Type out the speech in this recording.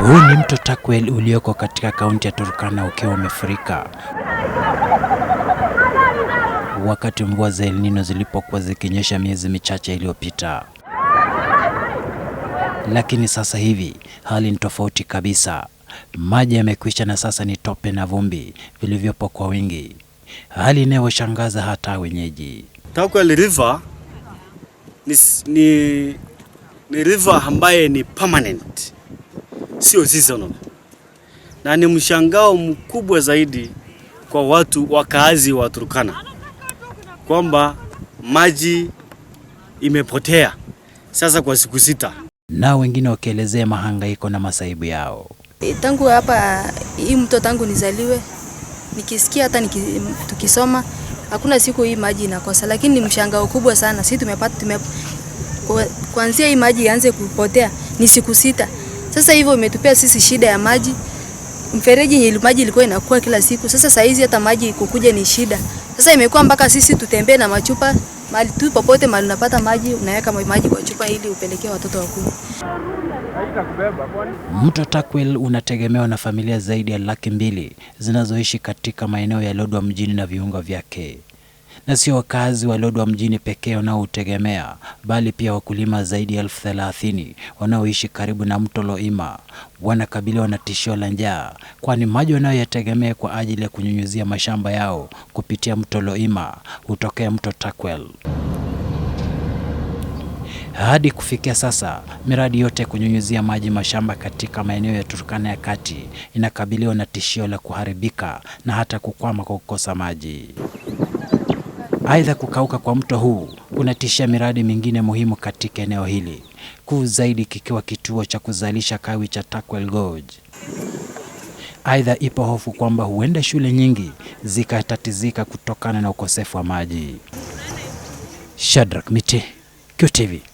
Huu ni mto takwel ulioko katika kaunti ya Turkana ukiwa umefurika wakati mvua za El Nino zilipokuwa zikinyesha miezi michache iliyopita. Lakini sasa hivi hali ni tofauti kabisa. Maji yamekwisha na sasa ni tope na vumbi vilivyopo kwa wingi, hali inayoshangaza hata wenyeji. Turkwell River ni, ni, ni river ambaye ni permanent sio seasonal, na ni mshangao mkubwa zaidi kwa watu wakaazi wa Turkana kwamba maji imepotea sasa kwa siku sita, nao wengine wakielezea mahangaiko na masaibu yao. Eh, tangu hapa hii mto, tangu nizaliwe, nikisikia hata niki, tukisoma hakuna siku hii maji inakosa, lakini ni mshangao kubwa sana. Sisi tumepata tume, kuanzia hii maji ianze kupotea ni siku sita. Sasa hivyo imetupea sisi shida ya maji. Mfereji yenye maji ilikuwa inakuwa kila siku. Sasa saa hizi hata maji kukuja ni shida. Sasa imekuwa mpaka sisi tutembee na machupa mali tu, popote mali unapata maji unaweka maji kwa chupa ili upelekee watoto wakunywe. Mto Turkwel unategemewa na familia zaidi ya laki mbili zinazoishi katika maeneo ya Lodwar mjini na viunga vyake na sio wakazi wa Lodwa mjini pekee wanaoutegemea, bali pia wakulima zaidi ya elfu thelathini wanaoishi karibu na mto Loima wanakabiliwa na tishio la njaa, kwani maji wanayoyategemea kwa ajili ya kunyunyuzia mashamba yao kupitia mto Loima hutokea mto Takwel. Hadi kufikia sasa miradi yote ya kunyunyuzia maji mashamba katika maeneo ya Turkana ya kati inakabiliwa na tishio la kuharibika na hata kukwama kwa kukosa maji. Aidha, kukauka kwa mto huu kunatishia miradi mingine muhimu katika eneo hili, kuu zaidi kikiwa kituo cha kuzalisha kawi cha Turkwel Gorge. Aidha, ipo hofu kwamba huenda shule nyingi zikatatizika kutokana na ukosefu wa maji. Shadrack Mite, QTV.